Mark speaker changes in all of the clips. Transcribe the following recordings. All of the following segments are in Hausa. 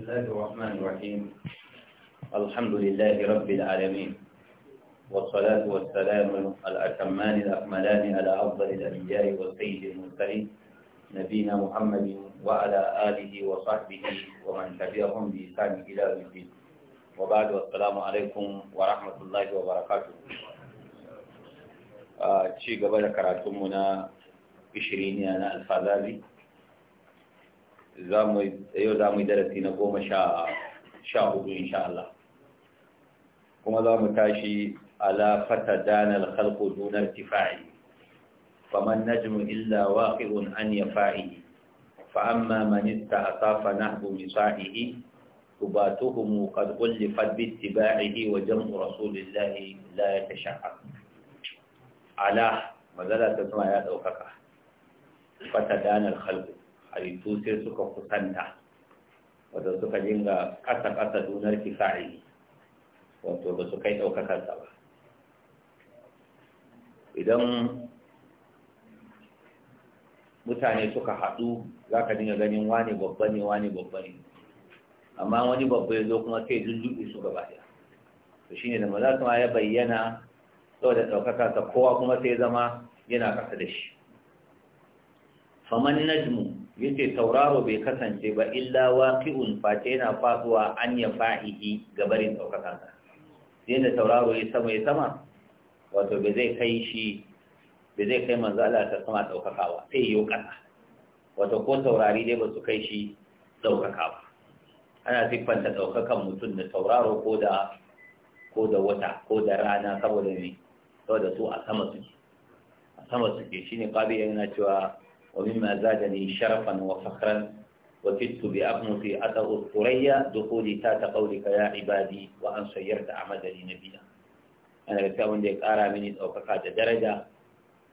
Speaker 1: الله الرحمن الرحيم الحمد لله رب العالمين والصلاة والسلام الأكمان الأكملان على أفضل الأنبياء والسيد المرسلين نبينا محمد وعلى آله وصحبه ومن تبعهم بإحسان إلى يوم الدين وبعد والسلام عليكم ورحمة الله وبركاته آه، شيء قبل كراتمنا 20 أنا الفضالي yau za mu yi darasi na goma sha hudu insha Allah kuma za mu tashi ala fata danar halko dunar tifa'i faman najmu illa waqi'un an yafa'i fa amma man ista'asafa nahbu misa'ihi تباتهم قد ألفت باتباعه وجمع رسول sha'a. Ala, يتشعر ta zama ya ɗaukaka. Fata danar الخلق halittu sai suka kusanta wato suka dinga ƙasa-ƙasa dunar kifa'i wato ba su kai ɗaukakarsa ba idan mutane suka haɗu za ka dinga ganin wani babba ne wani babba ne amma wani babba ya zo kuma sai lullube su gaba ya to shine da maza su ma ya bayyana saboda ɗaukaka ta kowa kuma sai zama yana ƙasa da shi famanin najmu yace tauraro bai kasance ba illa waqi'un face yana faduwa an ya fa'ihi gabarin daukaka sai da tauraro ya sama ya sama wato bai zai kai shi bai zai kai manzo Allah ta sama daukaka ba sai yau kasa wato ko taurari dai ba su kai shi daukaka ba ana siffanta daukakan mutum da tauraro ko da ko da wata ko da rana saboda ne saboda su a sama suke a sama suke shine kabi yana cewa ومما زادني شرفا وفخرا وكدت بأقنطي أتغ الثريا دخولي تات قولك يا عبادي وأن صيرت أعمدني نبيا أنا wanda ديك أرى mini أو da درجة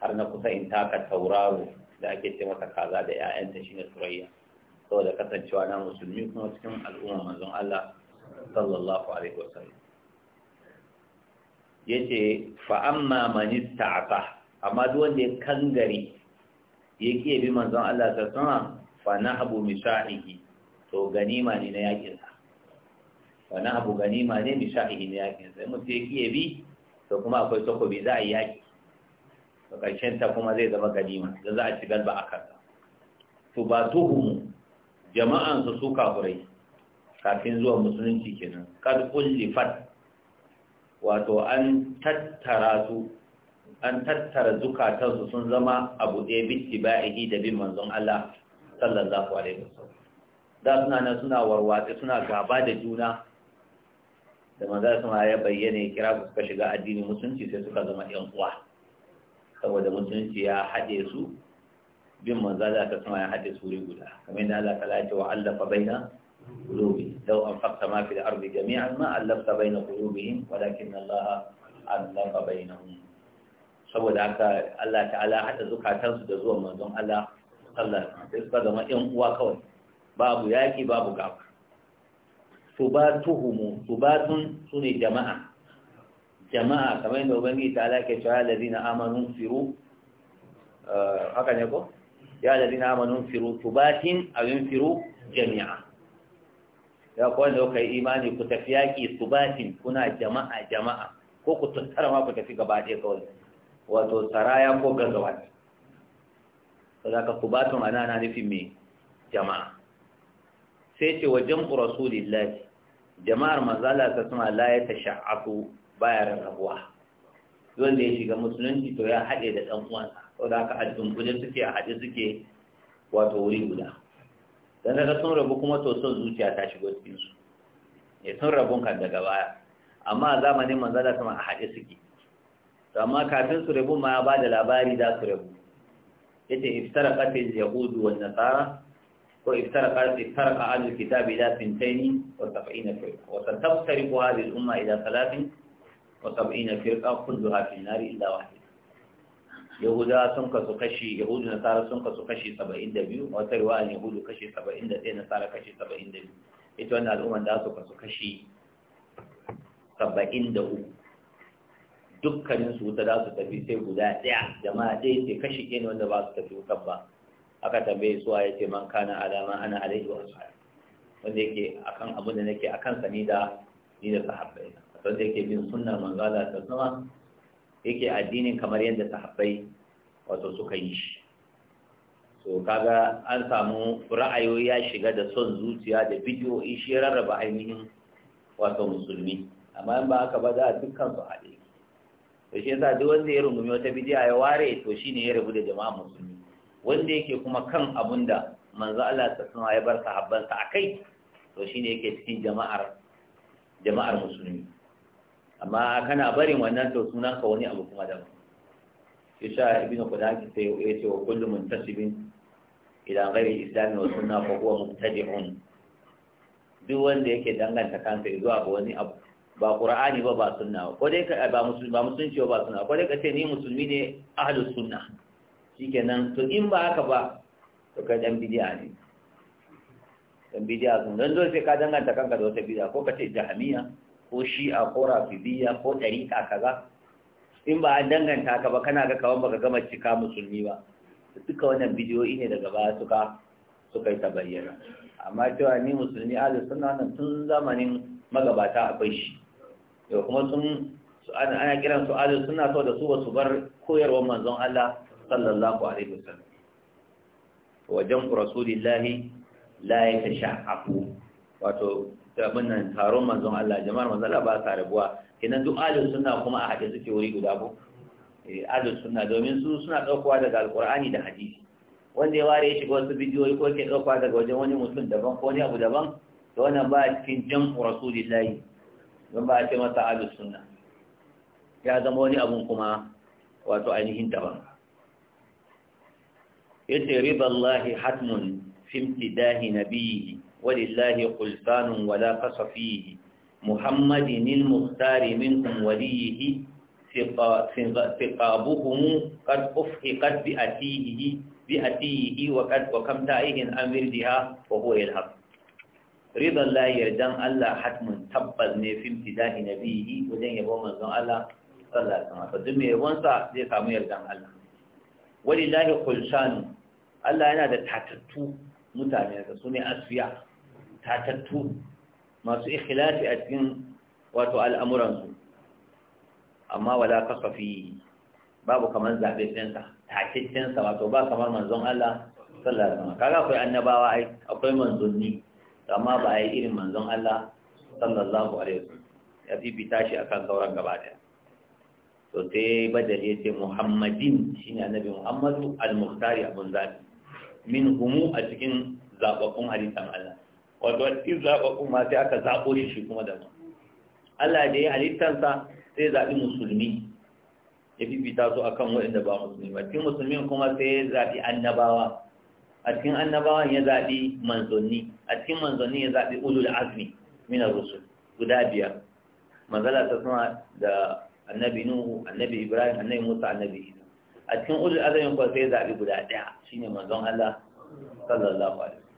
Speaker 1: har na kusa in taka tauraro da ake ce kaza da 'ya'yanta shine turayya saboda kasancewa na musulmi kuma cikin al'umma manzon Allah sallallahu alaihi wasallam yace fa amma man ista'ata amma duk wanda ya kangare ya ki bi manzon Allah ta sama fa na abu mishahihi to ganima ne na yakin sa fa na abu ganima ne mishahihi na yakin sa mu ya ki bi to kuma akwai bi za a yi yaki to karshen ta kuma zai zama ganima da za a ci galba a sa to ba tuhumu jama'an su su kafurai kafin zuwa musulunci kenan kad fat. wato an tattara su an tattara zukatansu sun zama abu ɗaya bitti ba'ihi da bin manzon Allah sallallahu alaihi wasallam da suna nan suna warwatsi suna gaba da juna da manzon sama ya bayyana ya kira suka shiga addinin musulunci sai suka zama ƴan uwa saboda musulunci ya haɗe su bin manzon Allah ta sama ya haɗe su wuri guda kamar yadda Allah ta lati wa allafa baina qulubi law anfaqta ma fil ardi jami'an ma allafta baina qulubihim walakin Allah allafa bainahum saboda haka Allah ta'ala hada zukatansu da zuwan manzon Allah sallallahu alaihi wasallam zama ƴan uwa kawai babu yaki babu gaba subatuhum subatun sunni jama'a jama'a kamar yadda ubangiji ta'ala ke cewa ladina amanu firu eh, haka ne ko ya allazina amanu firu subatin aw yunfiru jami'a ya ko wanda kai yi imani ku tafi yaki subatin kuna jama'a jama'a ko ku tattara ma ku tafi gaba ɗaya kawai wato saraya ko gazawat saboda kubatun ana na nufin me jama'a sai ce wa jam'u rasulillahi jama'ar mazala ta suna la ya tasha'afu baya Don wanda ya shiga musulunci to ya haɗe da ɗan uwansa saboda haka a dunkulin suke a haɗe suke wato wuri guda dan daga sun rabu kuma to son zuciya ta shigo cikin su ya eh, sun rabun kan daga baya amma a zamanin manzala sama a haɗe suke to amma kafin su rabu ma ba da labari za su rabu yace iftaraqatil yahudu wan nasara ko iftaraqat farqa ahlul kitabi ila 72 wa 70 firqa wa taftariqu hadhihi al umma ila 73 wa 70 firqa kulluha fi an-nar illa wahid yahuda sun kasu kashi yahudu nasara sun kasu kashi 72 wa tarwa al yahudu kashi 71 nasara kashi 72 ita wannan al umma da su kasu kashi 73 dukkanin su wuta za su tafi sai guda ɗaya jama'a ɗaya ce kashi ɗaya ne wanda ba su tafi wutan ba aka tambaye su ya ce man kana alama ana alaihi wa sallam wanda yake akan abin da nake akan sa ni da ni da sahabbai wanda yake bin sunna manzo Allah ta sama yake addinin kamar yadda sahabbai wato suka yi shi to kaga an samu ra'ayoyi ya shiga da son zuciya da bidiyo shi rarraba ainihin wato musulmi amma in ba aka ba za a dukkan su haɗe to shi yasa duk wanda ya rungumi wata bidiya ya ware to shine ya rabu da jama'a musulmi wanda yake kuma kan abun da manzo Allah ta sanar ya bar sahabbansa akai to shine yake cikin jama'ar jama'ar musulmi amma kana barin wannan to sunan ka wani abu kuma daban yasa ibnu qudaki sai ya ce wa kullu muntasibin ila ghairi islam wa sunna fa huwa mubtadi'un duk wanda yake danganta kansa zuwa ga wani abu ba qur'ani ba ba sunna ko dai ka ba musulmi ba ce ba sunna ko dai ka ce ni musulmi ne suna sunna kenan to in ba haka ba to kai dan bidiya ne dan bidiya sun dan dole sai ka danganta kanka da wata bidiya ko ka ce jahmiya ko shi'a ko rafidiyya ko dariqa kaza in ba an danganta ka ba kana ga kawan baka gama cika musulmi ba duka wannan bidiyo ne daga baya suka suka yi ta bayyana amma cewa ni musulmi ahlus sunna nan tun zamanin magabata akwai shi yau kuma sun ana kiran su ahlus suna so da su ba su bar koyarwar manzon Allah sallallahu alaihi wasallam wa jam'u rasulillahi la yatasha'abu wato abin nan taron manzon Allah jama'ar manzon Allah ba sa rabuwa kenan duk ahlus suna kuma a haɗe suke wuri guda ko eh ahlus suna domin su suna daukowa daga alqur'ani da hadisi wanda ya ware ya shiga wasu bidiyoyi ko ke daukowa daga wajen wani mutum daban ko wani abu daban to wannan ba cikin jam'u rasulillahi don ba a ce masa ahlus ya zama wani abun kuma wato ainihin daban yace riballahi hatmun fimtidahi imtidahi nabiyhi walillahi qultanun wala qasafihi muhammadin al-muhtari minkum waliyhi ثقابهم قد أفحقت بأتيه بأتيه وقد وكم تائه أمر بها وهو يلهب ridan la yardan Allah hatmun tabbas ne fi imtidahi nabihi wajen yabo manzon Allah sallallahu alaihi wasallam duk mai yabon sa zai samu yardan Allah walillahi qulshan Allah yana da tatattu mutane da su ne asfiya tatattu masu ikhlasi a cikin wato al'amuran su amma wala kasafi babu kamar zabe tsinsa takiccin sa wato ba kamar manzon Allah sallallahu alaihi wasallam kaga akwai annabawa ai akwai manzonni amma ba a yi irin manzon Allah sallallahu alaihi wasallam ya fifita shi akan sauran gaba daya to sai badali ce muhammadin shine annabi muhammadu al-muhtari abun zabi min humu a cikin zababbun halittar Allah wato a cikin zababbun ma sai aka zabo shi shi kuma da Allah da ya halittarsa sai zabi musulmi ya ta su akan waɗanda ba musulmi ba cikin musulmin kuma sai zabi annabawa a cikin annabawan ya zaɓi manzanni a cikin manzanni ya zaɓi ulul azmi min ar-rusul guda biyar manzala ta sama da annabi nuhu annabi ibrahim annabi musa annabi isa a cikin ulul azmi kuwa sai zaɓi guda ɗaya shine manzon Allah sallallahu alaihi wasallam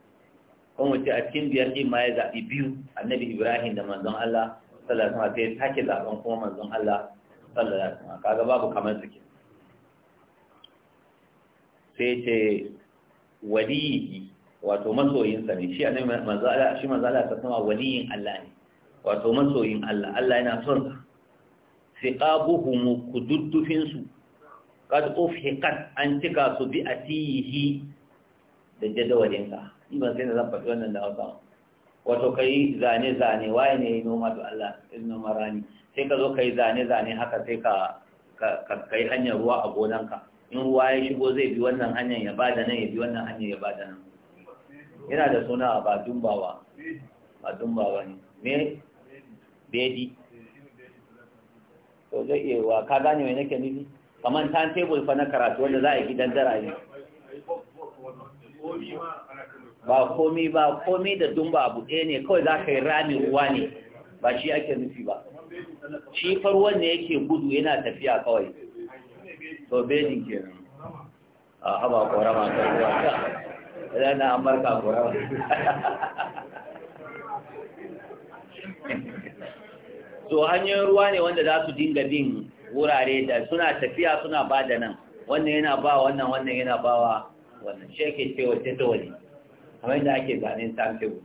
Speaker 1: kuma ce a cikin biyar din ma ya zaɓi biyu annabi ibrahim da manzon Allah sallallahu alaihi wasallam sai sake zaɓen kuma manzon Allah sallallahu alaihi wasallam kaga babu kamar su sai ce waliyi wato masoyinsa ne shi a manzo Allah shi manzo Allah ta sama waliyin Allah ne wato masoyin Allah Allah yana son sa siqabuhum kududdufin su qad ufhiqat an tika su bi atihi da jadawalin sa iban sai da zan wannan da Hausa wato kai zane zane waye ne yayin noma to Allah inna marani rani sai ka zo kai zane zane haka sai ka ka kai hanyar ruwa a gonanka in ruwa ya shigo zai bi wannan hanyar ya bada nan ya bi wannan hanyar ya bada nan yana da suna ba dumbawa ba dumbawa ne me bedi to zai iya wa ka gane mai nake nufi kamar tan table fa na karatu wanda za a yi gidan dara ne ba komi ba komi da dumba abu ɗaya ne kawai za ka yi rami ruwa ne ba shi ake nufi ba shi farwon ne yake gudu yana tafiya kawai to ke kenan a haba korama ta ruwa ta idan na amurka korama so hanyoyin ruwa ne wanda za su dinga bin wurare da suna tafiya suna ba da nan wannan yana ba wannan wannan yana ba wa wannan shi ake cewa ta wani kamar yadda ake zanen timetable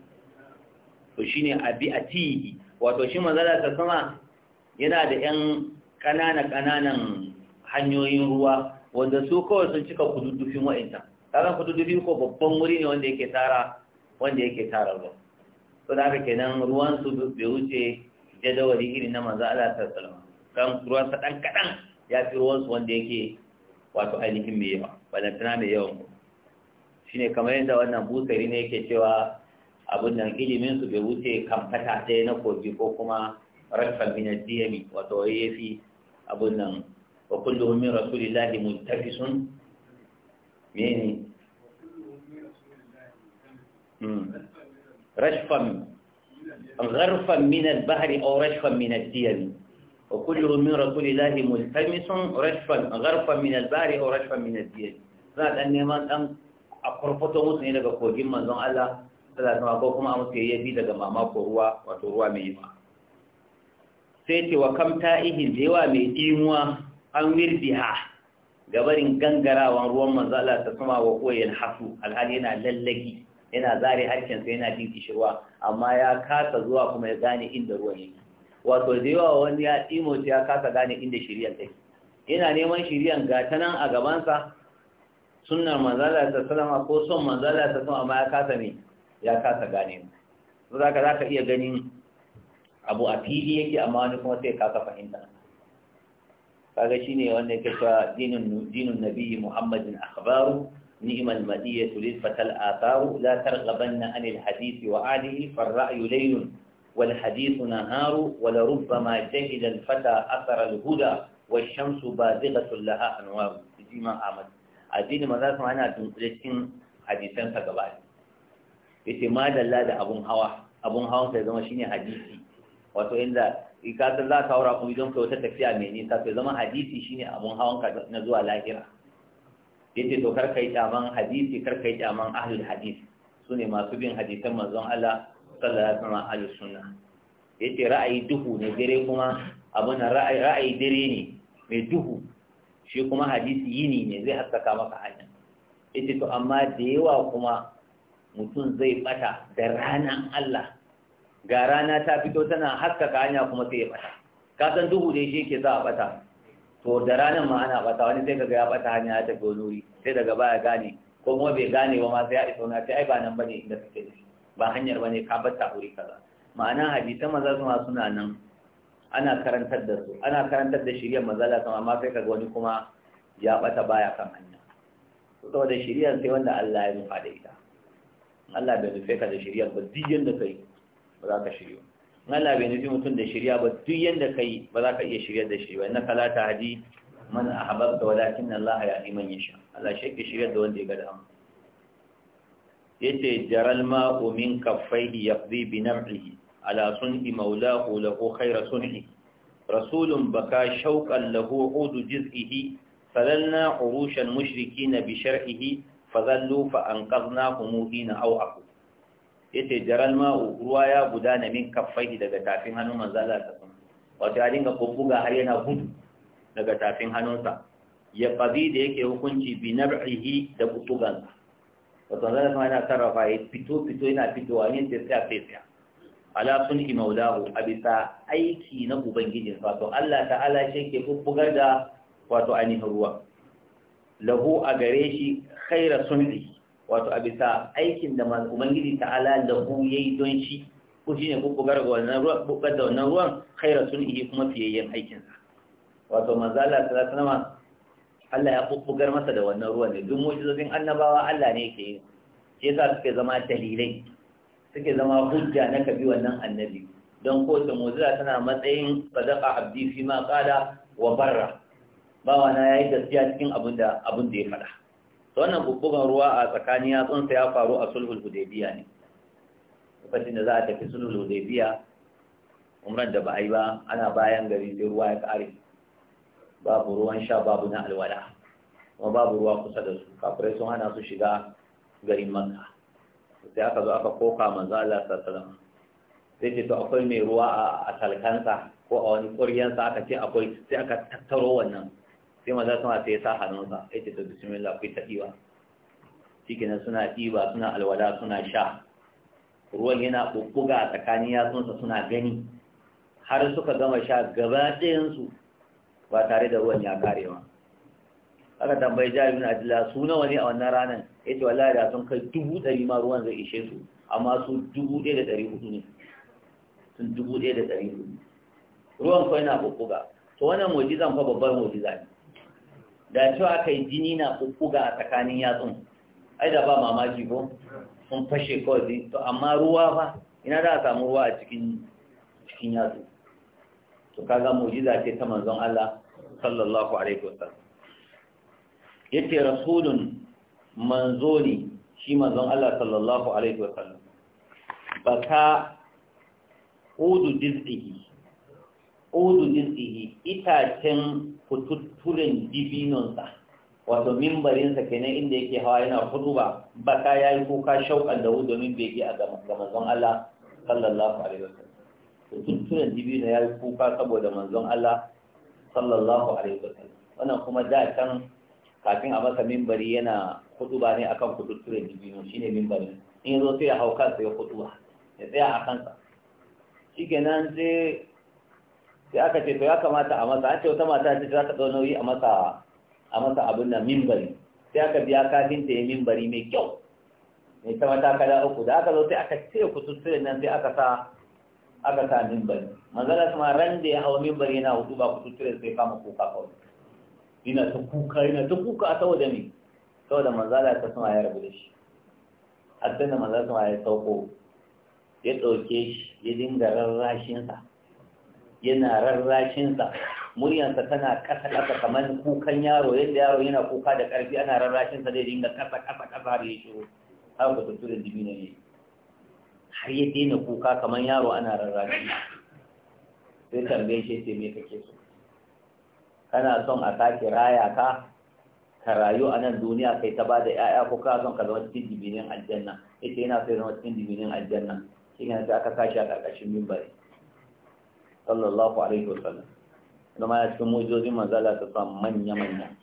Speaker 1: to shi ne abi a tihi wato shi manzala ta sama yana da 'yan ƙanana-ƙananan hanyoyin ruwa wanda su kawai sun cika kududdufin wa'inta kaga kududdufin ko babban wuri ne wanda yake tara wanda yake tara ruwa to da haka kenan ruwan su bai wuce jadawali irin na manzo Allah sallallahu alaihi kan ruwan sa dan kadan ya fi ruwan su wanda yake wato ainihin mai yawa balantana mai yawan mu shine kamar yadda wannan busari ne yake cewa abin nan ilimin su bai wuce kamfata ɗaya na kogi ko kuma rakfal min al-diyami wato yafi abin nan وكلهم من رسول الله ملتبس من رشفا غرفا من البحر أو رشفا من الديم وكلهم من رسول الله ملتمس رشفا غرفا من البحر أو رشفا من الديم فهذا أني ما أم أقرفته مسلم إلى بقوة زون الله فلا alaihi wasallam kuma amsa yayi bi daga mamako ruwa wato ruwa mai yawa sai ce wa an wirdiha gabarin gangarawan ruwan manzala ta sama wa koyin hasu alhali yana lallaki yana zare sai yana jin kishirwa amma ya kasa zuwa kuma ya gane inda ruwan yake wato da yawa wani ya tsimota ya kasa gane inda shiryan take yana neman shiryan ga ta nan a gabansa sunnar manzala ta salama ko son manzala ta sama amma ya kasa ne, ya kasa gane mu za ka iya ganin abu a fili yake amma wani kuma sai kasa fahimta kaga shine wanda yake cewa dinun dinun nabiyyi muhammadin akhbaru ni'mal madiyatu lil fatal atharu la targhabanna anil hadisi wa alihi far ra'yu laylun wal hadithu naharu wa la rubbama jahila al fata athara al huda wash shamsu badighatun laha anwaru jima ahmad addini maza sun ana dunkule cikin hadisansa gaba yace ma da abun hawa abun hawa sai zama shine hadisi wato inda Eh, ka za ka haura kuma idan kai wata tafiya mai nisa to zama hadisi shine abin hawan ka na zuwa lahira yace to kar yi kyaman hadisi kar yi kyaman ahlul hadisi sune masu bin hadisan manzon Allah sallallahu alaihi wasallam ahlus sunna yace ra'ayi duhu ne dare kuma abun ra'ayi ra'ayi dare ne mai duhu shi kuma hadisi yini ne zai haskaka maka hanya yace to amma da yawa kuma mutum zai bata da ranan Allah ga rana ta fito tana haskaka hanya kuma sai ya bata ka san duhu dai shi ke za a bata to da ranar ma ana bata wani sai kaga ya bata hanya ya tafi wani wuri sai daga baya gane ko kuma bai gane ba ma sai ya isa wani sai ai ba nan bane inda kake da shi ba hanyar bane ka bata wuri kaza ma'ana hadisan maza kuma suna nan ana karantar da su ana karantar da shirya mazala kuma amma sai kaga wani kuma ya bata baya kan hanya saboda shirya sai wanda Allah ya nufa da ita Allah bai nufe ka da shirya ba duk yanda kai ba za ka shirya in Allah bai nufi mutum da shirya ba duk yadda kai ba za ka iya shirya da shirya ba mana a tahdi da ahbabta na Allah yahdi yin yasha Allah shi ke shirya da wanda ya ga dama yace jaral ma'u min ya fi bi nam'ihi ala sun sun'i mawlahu lahu khayra sun'i rasulun baka shauƙan lahu udu jiz'ihi falanna urushan mushrikina na shar'ihi fadhallu fa an anqadnahum hina aw aqu yace jaral ma ruwa ya gudana min kaffai daga tafin hannun manzo Allah ta sunna wato ya dinga kokuga har yana gudu daga tafin hannunsa ya qazi da yake hukunci bi nab'ihi da kutugan wato Allah kuma yana sarrafa ya fito fito yana fitowa ne da sai sai ala sunni maulahu abisa aiki na ubangijin wato Allah ta'ala shi yake kokugar da wato ainihin ruwa lahu a gare shi khaira sunni wato a bisa aikin da ubangiji ta'ala lahu yayi don shi ko shine ko bugar da wannan ruwan bugar da wannan kuma fiyayyen aikin sa wato mazala Allah sallallahu Allah ya bubbugar masa da wannan ruwan ne duk mu'jizozin annabawa Allah ne yake yi yasa suke zama dalilai suke zama hujja na kabi wannan annabi don ko ta mu'jiza tana matsayin sadaqa abdi fi ma qala wa barra bawana yayi gaskiya cikin abin da abin da ya faɗa wannan bubbugan ruwa a tsakanin yatsunsa ya faru a sulhul hudaybiya ne lokacin da za a tafi sulhul hudaybiya umran da ba a yi ba ana bayan gari sai ruwa ya kare babu ruwan sha babu na alwala kuma babu ruwa kusa da su kafirai sun hana su shiga garin makka sai aka zo aka koka manzo Allah sallallahu alaihi wasallam sai ce to akwai mai ruwa a talkansa ko a wani ƙuryansa aka ce akwai sai aka tattaro wannan sai maza suna sai ya sa hannunsa ya ce ta bismillah ku ta ɗiba cikinan suna ɗiba suna alwada suna sha ruwan yana ɓuɓɓuga a tsakanin yatsunsa suna gani har suka gama sha gaba ɗayansu ba tare da ruwan ya kare ma. aka tambayi jami'in adila su nawa ne a wannan ranar ya ce wallahi da sun kai dubu ɗari ma ruwan zai ishe su amma su dubu ɗaya da ɗari hudu ne sun dubu ɗaya da ɗari hudu ruwan kawai na ɓuɓɓuga to wannan mojizan fa babbar mojiza ne da cewa aka yi jini na kukkuga a tsakanin yatsun ai da ba mamaki ko sun fashe kawai to amma ruwa ba, ina za a samu ruwa a cikin yatsu to kaga mujiza ce ta manzon Allah sallallahu alaihi wasallam Yake rasulun manzo ne shi manzon Allah sallallahu alaihi wasallam baka udu dizdihi udu dizdihi itacen kutut tudun jibinonsa wato mimbarinsa kenan inda yake hawa yana ba baka ya yi kuka shauƙan da domin bege a ga manzon Allah sallallahu alaihi wasallam to tudun jibinonsa ya yi kuka saboda manzon Allah sallallahu alaihi wasallam wannan kuma da can kafin a masa mimbari yana ba ne akan kudutturen dibino shine mimbarin in yazo sai ya hau kansa ya huduba ya tsaya a kansa kenan sai sai aka ce to ya kamata a masa an ce wata mata ce za ta ɗau nauyi a masa a masa abin nan mimbari sai aka biya kafinta ya mimbari mai kyau mai ta kada uku da aka zo sai aka cire kututturen nan sai aka sa aka sa mimbari manzala kuma ran da ya hau mimbari yana hudu ba kututturen sai kama kuka kawai ina ta kuka ina ta kuka saboda me saboda manzala ta sama ya rabu da shi har sai da manzala sama ya sauko ya ɗauke shi ya dinga rarrashinsa yana rarrashinsa muryansa tana kasa kasa kamar kukan yaro yadda yaro yana kuka da karfi ana rarrashinsa zai dinga kasa kasa kasa har ya shiru har ku tunturin dibino ne har ya daina kuka kamar yaro ana rarrashi sai tambaye shi sai me kake so kana son a sake raya ka ka rayu a nan duniya kai ta ba da 'ya'ya ko ka son ka zama cikin dibinin aljanna yace yana so ya zama cikin dibinin aljanna shi ne aka kashi a ƙarƙashin mimbari sallallahu alaihi wasallam kuma ya cikin mujizozin manzala ta sa manya-manya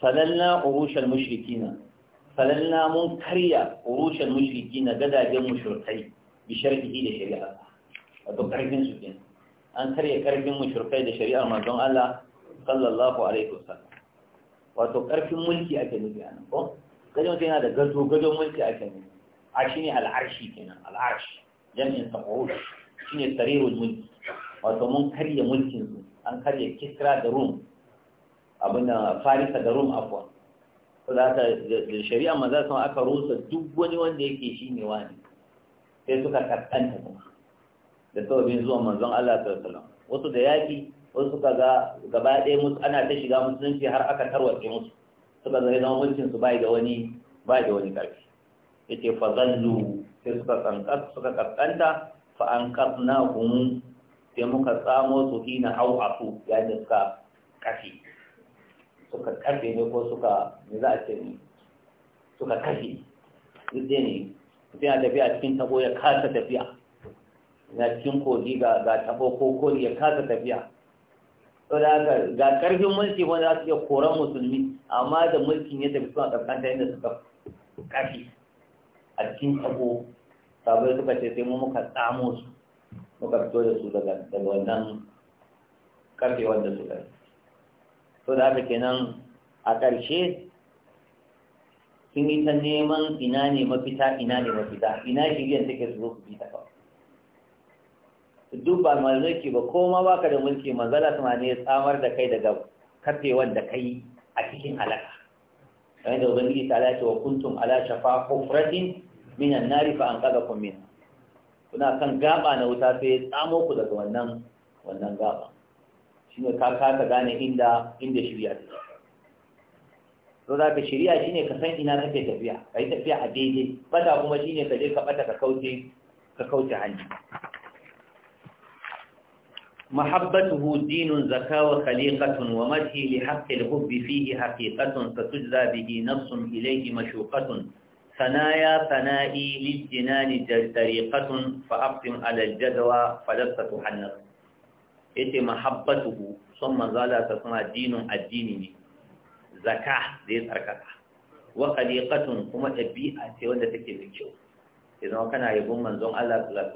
Speaker 1: salalna urushal mushrikina salalna mun karya urushal mushrikina gadajen mushrikai bi sharhihi da shari'a wato karfin su kenan an karya karfin mushrikai da shari'ar manzon Allah sallallahu alaihi wasallam wato karfin mulki ake nufi anan ko kaje mutum yana da gado gado mulki ake nufi a shine al'arshi kenan al'arshi jam'in sa urush shine sarirul mulki wato mun karya mulkin su an karya kisra da rum abin da farisa da rum afwa to da da shari'a maza sun aka rusa duk wani wanda yake shi ne wani sai suka kaskanta kuma da sababin zuwan manzon Allah sallallahu alaihi wasallam wasu da yaki wasu suka ga gaba ɗaya musu ana ta shiga musulunci har aka tarwace musu suka zai zama mulkin su bai da wani bai da wani ƙarfi yace fazallu sai suka kankanta suka kankanta fa an kasna hum sai muka tsamo su hina hau a su yayin da suka kafi suka kashe ne ko suka me za a ce ne suka kashe duk ne mutum ya tafiya cikin tabo ya kasa tafiya na cikin kogi ga tabo ko kori ya kasa tafiya to da ga karfin mulki wanda za su iya koran musulmi amma da mulkin ya tafi suna tsakanta yadda suka kafi a cikin tabo sabai suka ce sai mu muka tsamo su muka fito da su daga daga wannan karfe wanda suka yi to da haka kenan a ƙarshe sun yi ta neman ina ne mafita ina ne mafita ina shirya take su zo su bi ta kawai duk ba mulki ba ko ma baka da mulki manzala ma ne tsamar samar da kai daga karfe wanda kai a cikin alaƙa. Ayi da ubangiji ta lace wa kuntum ala shafa kufratin minan nari fa an kaga kun min kuna kan gaba na wuta sai ya tsamo ku daga wannan wannan gaba shine ka ka ka gane inda inda shirya ta to da ka shirya shine ka san ina kake tafiya kai tafiya a daidai bata kuma shine ka je ka bata ka kauce ka kauce hanya wa دين زكاة وخليقة ومدهي لحق الحب فيه حقيقة فتجزى bihi nafsun ilayhi مشوقة sanaya sana'i lijinani tariqatun fa aqsim ala aljadwa falasta tuhannas yace mahabbatuhu son manzala ta kuma dinin addini ne zaka da ya tsarkaka wa kuma tabi'a ce wanda take da kyau idan kana yabon manzon Allah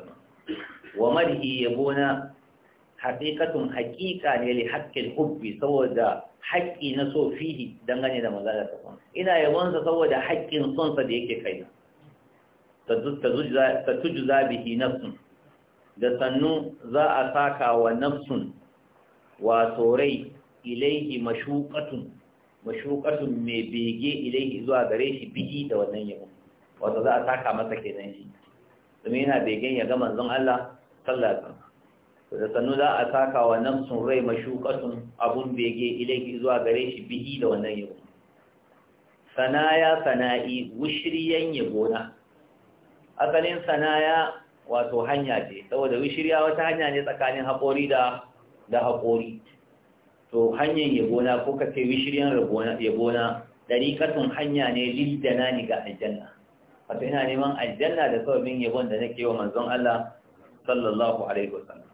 Speaker 1: haqiqatun haƙiƙa ne li haƙƙin hubbi saboda haƙƙi na so fihi dangane da mazalar ta kuma ina yabonsa saboda haƙƙin sonsa da yake kaina ta tujza bihi nafsun da sannu za a saka wa nafsun wato rai ilaihi mashuqatun mashuqatun mai bege ilaihi zuwa gare shi bihi da wannan yabo wato za a saka masa kenan shi domin yana begen ya ga manzon Allah sallallahu alaihi da sannu za a saka wa nafsun rai mashukatun abun bege ilaihi zuwa gare shi bihi da wannan yabo sanaya sana'i wushiriyan yabo na asalin sanaya wato hanya ce saboda wishiriya wata hanya ne tsakanin haƙori da da haƙori to hanyar yabo na ko ka ce wishiriyan yabo na ɗariƙatun hanya ne lil ni ga aljanna wato ina neman aljanna da sababin yabon da nake wa manzon Allah sallallahu alaihi wasallam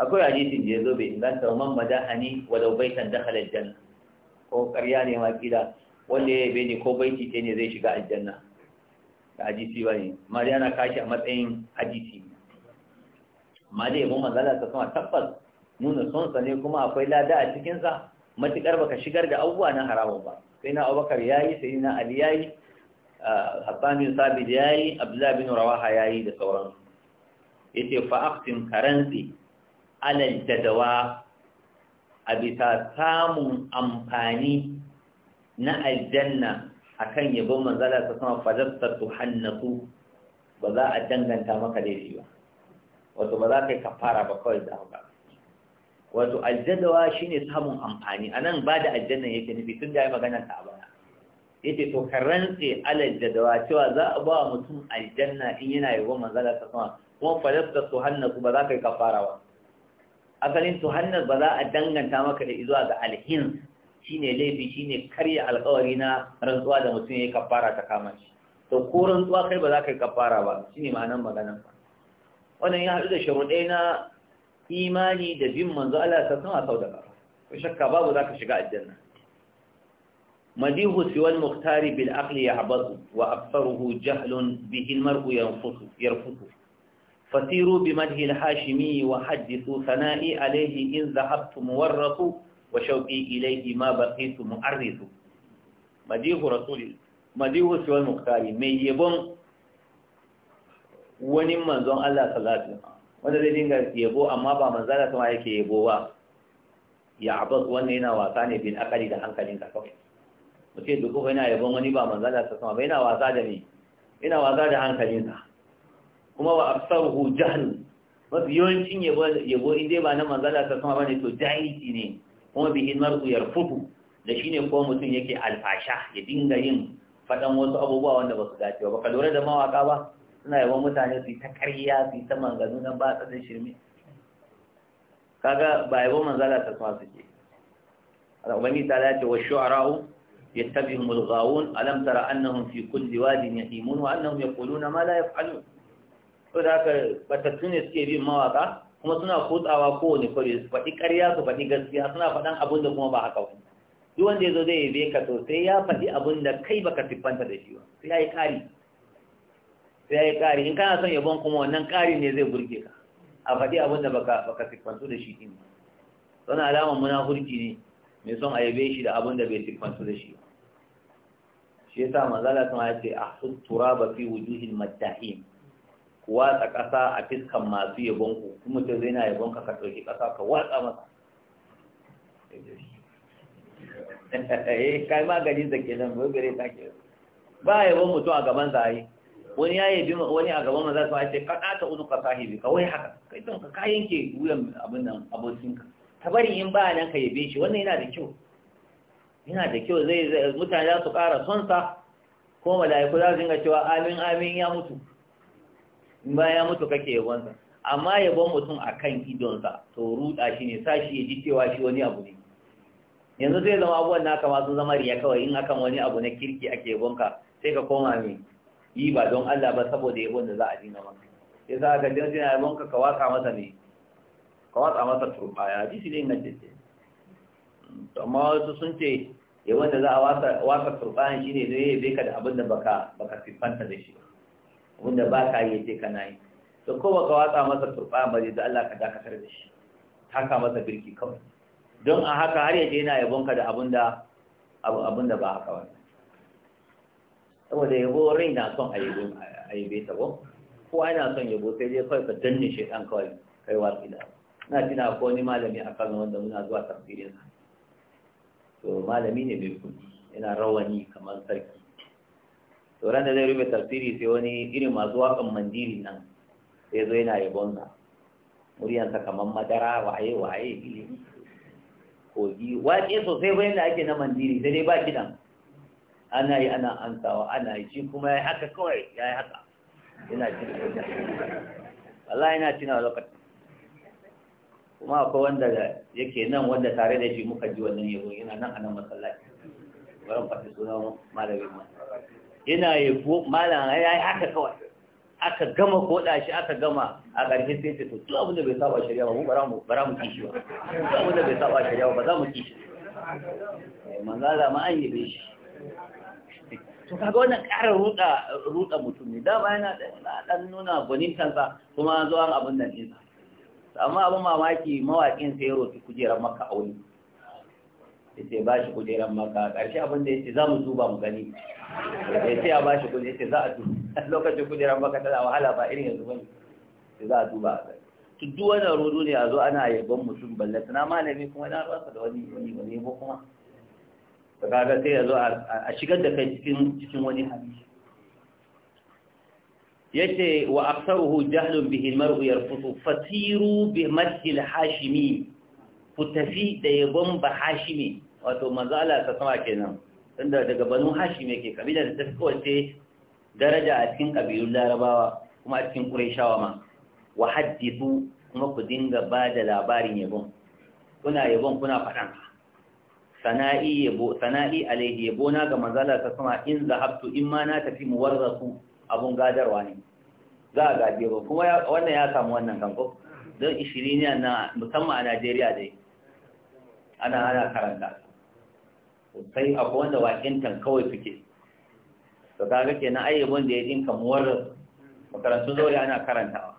Speaker 1: akwai hadisin da ya zo bai inganta wa man madahani da baitan dakhala aljanna ko ƙarya ne ma kila wanda ya yabe ne ko baiti ɗaya ne zai shiga aljanna da hadisi ne amma dai ana kashi a matsayin hadisi amma dai yabon magana ta kuma tabbas nuna sonsa ne kuma akwai lada a cikinsa matuƙar baka shigar da abubuwa na haramu ba sai na abubakar ya yi sai na ali ya yi hassanin sabid ya yi abdullahi bin rawaha ya yi da sauransu ya ce fa'aftin karansi alal jadawa a bisa samun amfani na aljanna akan yabon manzala ta sama ta tuhannatu ba za a danganta maka da ba wato ba za ka yi kafara ba kawai za ba wato aljadawa shine samun amfani a nan ba da aljanna yake nufi tun da ya magana ta ba? yace to ka alal jadawa cewa za a ba mutum aljanna in yana yi wa manzala ta sama kuma ta tuhannatu ba za ka yi kafara ba asalin tuhannas ba za a danganta maka da izuwa ga alhin shine laifi shine karya alkawari na rantsuwa da mutum ya yi kafara ta kama shi to ko rantsuwa kai ba za ka yi kafara ba shine ma'anar maganar ba wannan ya haɗu da sharuɗai na imani da bin manzo Allah ta sama sau da ƙafa ko shakka babu za ka shiga aljanna madihu siwal muhtari bil aqli yahbatu wa aktharuhu jahlun bihi al mar'u yanfusu فسيروا بمده الحاشمي وحدثوا ثنائي عليه إن ذهبت مورط وشوقي إليه ما بقيت مؤرث مديه رسول مديه سوى المختار من يبون wani manzon Allah salatu wanda zai dinga yabo amma ba manzala kuma yake yabo ba ya yana wasa ne bin akali da hankalin ka kawai mutum yana yabon wani ba manzala da ni yana wasa da hankalinsa kuma wa absaruhu jahl mafi yawancin yabo in dai ba na manzala ta sama bane to jahilci ne kuma bihin mar'u yarfutu da shine ko mutum yake alfasha ya dinga yin faɗan wasu abubuwa wanda ba su dace ba ka lura da mawaka ba suna yawan mutane su yi ta ƙarya su yi ta manganu nan ba da shirme kaga ba yabo manzala ta sama suke ubangiji ta lati wa shu'ara'u yattabi'u mulghawun alam tara annahum fi kulli wadin yahimun wa annahum yaquluna ma la yaf'alun ko da aka batattu ne suke bin mawaka kuma suna kutsawa kowane kwari su faɗi ƙarya su faɗi gaskiya suna faɗan abin da kuma ba haka wani duk wanda ya zo zai yabe ka to sai ya faɗi abin da kai baka siffanta da shi ba sai ya yi ƙari sai ya yi ƙari in kana son yabon kuma wannan ƙari ne zai burge ka a faɗi abin da baka siffantu da shi ɗin sana alamar munafurci ne mai son a yabe shi da abin da bai siffantu da shi ba shi yasa manzala sama ya ce a turaba fi wujuhin maddahin ku watsa ƙasa a fiskan masu yabon ku kuma ta zai na yabon ka ka ɗauki ƙasa ka watsa masa eh kai magani da ke nan gogare ta ke ba yabon mutum a gaban sa yi wani ya yabi wani a gaban maza su a ce ka ɗata uzu ka sahibi ka wai haka kai don ka kayan ke wuyan abin nan abokin ka. ta bari in ba nan ka yabe shi wannan yana da kyau yana da kyau zai mutane za su ƙara sonsa ko mala'iku za su dinga cewa amin amin ya mutu ya mutu kake yabonsa amma yabon mutum a kan idonsa to ruɗa shi ne sa shi ya ji cewa shi wani abu ne yanzu zai zama abuwan naka ma sun zama riya kawai in akan wani abu na kirki ake yabonka sai ka koma mai yi ba don Allah ba saboda yabon da za a dina maka sai sa ka jin sai yabonka ka waka masa ne ka watsa masa ji shi ne ingantacce amma wasu sun ce yabon da za a wasa shi ne zai bai ka da abin da baka baka siffanta da shi ba wanda ba ka yi sai kana yi to ko baka watsa masa turba ba da Allah ka dakatar da shi haka masa birki kawai don a haka har yaje yana yabon ka da abunda abunda ba haka ba saboda yabo rai na son a ayyube ta ko ko ana son yabo sai dai kawai ka danne shi dan kawai kai watsi da na tina ko ni malami a kan wanda muna zuwa tafsirin to malami ne mai kudi yana rawani kamar sarki Sauran da zai rufe tafsiri sai wani irin masu wakan mandiri nan sai zo yana yabonsa muryansa kamar madara waye waye ilimi kogi waƙe sosai bayan da ake na mandiri sai dai ba kidan ana yi ana ansawa ana yi shi kuma ya yi haka kawai ya yi haka yana cin kuta wallahi yana cin a lokacin kuma akwai wanda yake nan wanda tare da shi muka ji wannan yabo yana nan a nan masallaci bari mu suna malamin masallaci yana yabo malam ya yi haka kawai aka gama ko shi aka gama a ƙarshe sai ce to duk abin da bai saba shari'a ba mu bara mu bara mu kishi ba duk abin da bai saba shari'a ba ba za mu kishi eh, manzala ma an yi be shi to kaga wannan ƙara ruda ruda mutum ne da yana da dan nuna gwanintansa kuma zuwa abin nan din amma abin mamaki mawakin sai ya roki kujerar maka auni yace ba shi kujeran maka ƙarshe abin da yace za mu duba mu gani yace ya ba shi kujeran yace za a duba lokacin kujeran maka tana wahala ba irin yanzu bane yace za a duba a gani to duk wannan rudu ne a zo ana yabon mutum balle na malami kuma na rasa da wani wani wani ko kuma to kaga sai ya zo a shigar da kai cikin cikin wani hali yace wa aktharuhu jahlun bihi almar'u yarfutu fatiru bi Hashimi ku tafi da yabon ba Hashimi. wato manzo Allah ta sama kenan tunda daga banu hashim yake kabilar da ta kowace daraja a cikin kabilun larabawa kuma a cikin qurayshawa ma wa hadithu kuma ku dinga ba da labarin yabo kuna yabo kuna fadan sana'i yabo sana'i alayhi yabo na ga Allah ta sama in zahabtu in ma na tafi muwarrasu abun gadarwa ne za ga gaje ba kuma wannan ya samu wannan kanko don 20 ne na musamman a Najeriya dai ana ana karanta sai akwai wanda waƙintan kawai suke to kaga kenan ayyabin da ya dinka muwar makarantun zaure ana karantawa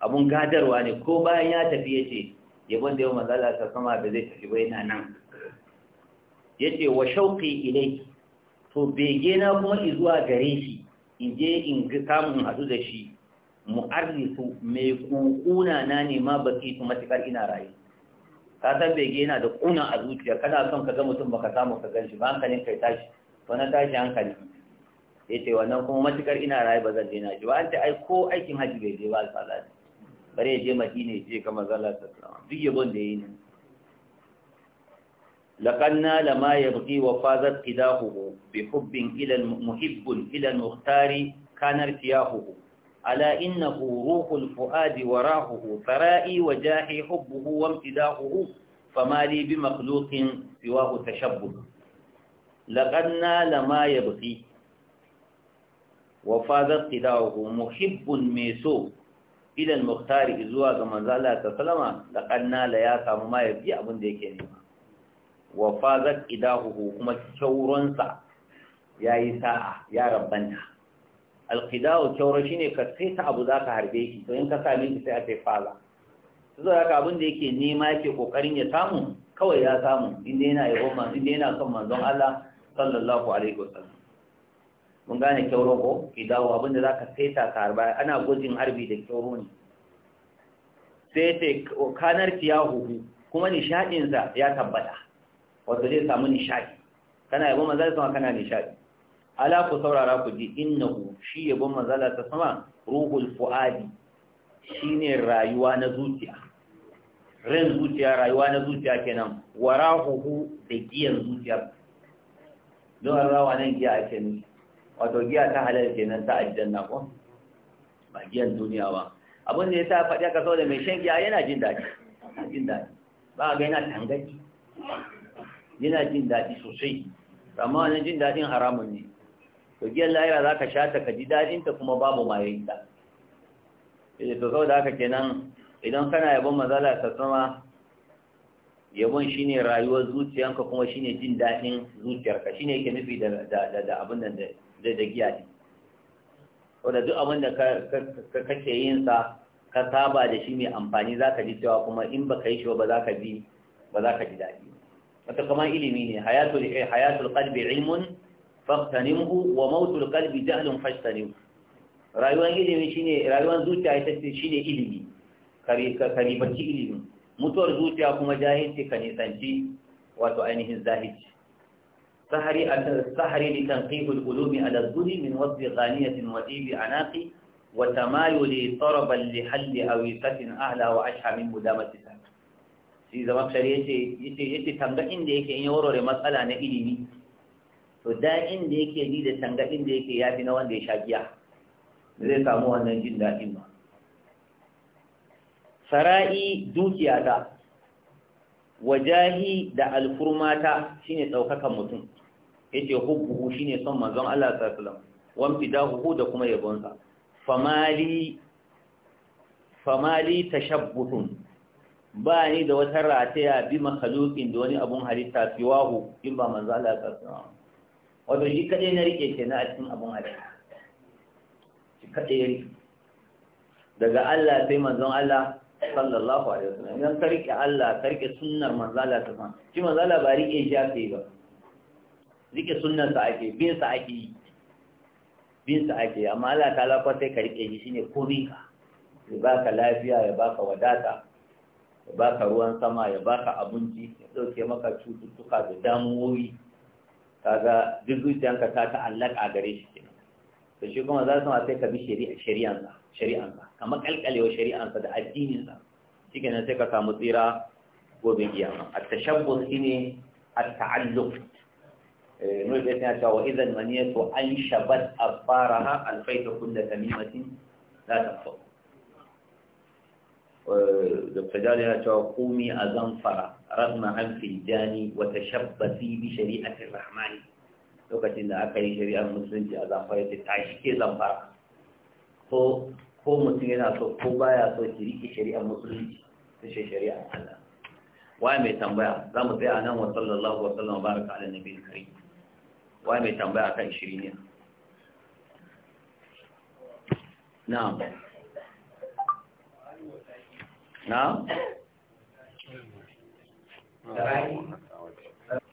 Speaker 1: abun gadarwa ne ko bayan ya tafi ya ce yabon da yau manzala ta sama da zai tafi bai na nan ya ce wa shauƙi ilai to bege na kuma izuwa gare shi in je in ga samun haɗu da shi mu'arrisu mai kunkuna na ne ma baki su matuƙar ina rayu ka san bege yana da kuna a zuciya kana son ka ga mutum baka samu ka gan shi ba hankalin kai tashi na tashi hankali ya ce wannan kuma matukar ina rayu ba zan daina shi ba an ce ai ko aikin hajji bai je ba alfala ne bare ya je madina ya je kamar zalla ta sama duk bon da ya yi ne لقنا لما يبغي وفازت قداهه بحب إلى المحب إلى muhtari kanar tiyahu ala innahu ruhul fuadi warahuhu fara'i wa jahi hubbuhu wa imtidahuhu fama li bi makhluqin siwahu tashabbuh laqad nala ma yabqi wa fazat qidahu muhibbun meso ila al-mukhtar zuwa ga manzo Allah ta sallama laqad nala ya samu ma yabqi abin da yake nema wa kuma shauransa yayi sa'a ya alqidawu kyawra shine ka sai ta abu zaka harbe shi to in ka sa shi sai a sai fala zo haka abin da yake nema yake kokarin ya samu kawai ya samu inda yana yabon manzo inda yana son manzon Allah sallallahu alaihi wasallam mun gane kyauro ko kidawo abin da zaka saita ka harba ana gujin harbi da kyauro ne sai sai kanar tiyahu kuma nishaɗinsa ya tabbata wato zai samu nishaɗi kana yabon zai sama kana nishaɗi. ala ku saurara ku ji innahu shi yabon manzala ta sama ruhul fu'adi shine rayuwa na zuciya ran zuciya rayuwa na zuciya kenan warahuhu da giyan zuciya don rawa nan giya ake nufi wato giya ta halal kenan ta na ko ba giyan duniya ba abin da ya sa faɗi aka saboda mai shan giya yana jin daɗi jin daɗi ba ga yana tangaki yana jin daɗi sosai amma wannan jin daɗin haramun ne to giyar lahira za ka sha ta ka ji daɗinta kuma babu mayayinta ita to sau da haka kenan idan kana yabon mazala ta sama yabon shi ne rayuwar zuciyanka kuma shi ne jin daɗin zuciyarka shi ne yake nufi da abin da da giya ne wadda duk abin da ka kake yin sa ka saba da shi mai amfani za ka ji cewa kuma in ba ka yi shi ba za ka ji ba za ka ji daɗi wata kamar ilimi ne hayatul qalbi ilmun faqtanimhu wa mautul qalbi jahlun fashtanim rayuwar ilimi shine rayuwar zuciya ita ce shine ilimi kare karibanci ilimi mutuwar zuciya kuma jahilci ka nisanci wato ainihin zahilci sahari sahari li tanqib al-qulub ala dhulli min wasf ghaniyatin wa tibi anaqi wa tamayuli taraban li hal awiqatin ahla wa ashha min mudamati shi zama shari'a yace yace tanga inda yake in warware matsala na ilimi to da inda yake ji da tanga da yake yafi na wanda ya sha giya zai samu wannan jin daɗin ba sara'i dukiya ta wajahi da alfurmata shine ɗaukakan mutum yace hubbuhu shine son manzon Allah sallallahu alaihi da hukuku da kuma yabonsa famali famali tashabbutun ba ni da wata rataya bi makhluqin da wani abun halitta wahu" in ba manzo Allah sallallahu alaihi wato shi kaɗai na rike ke na a cikin abin alai shi kaɗai ya rike daga Allah sai manzon Allah sallallahu alaihi wasallam idan ka rike Allah ka rike sunnar manzon Allah ta san shi manzon Allah ba rike shi ake ba rike sunnar sa ake bin sa ake yi bin sa ake amma Allah ta lafa sai ka rike shi shine komai ka ya baka lafiya ya baka wadata ya baka ruwan sama ya baka abinci ya dauke maka cututtuka da damuwoyi kaga duk zuciyanka ta ta'allaka gare shi kenan to shi kuma za su ma sai ka bi shari'ansa shari'ansa kamar kalkalewa shari'ansa da addininsa shi kenan sai ka samu tsira gobe kiyama at-tashabbus shine at-ta'alluq eh nuri da ta cewa idan To an shabat afaraha alfaita kullu tamimatin ta tafu dr yana cewa kumi a zamfara rasma an filjani wata shabbasi bi shari'atin rahmani lokacin da aka yi shari'ar musulunci a zamfara ta tashi ke zamfara ko mutum yana so ko baya so ki rike shari'ar musulunci ta ce shari'ar Allah waye mai tambaya za mu tsaya nan wa sallallahu wa sallam baraka ala nabi karim waye mai tambaya kan shiriniya na'am na?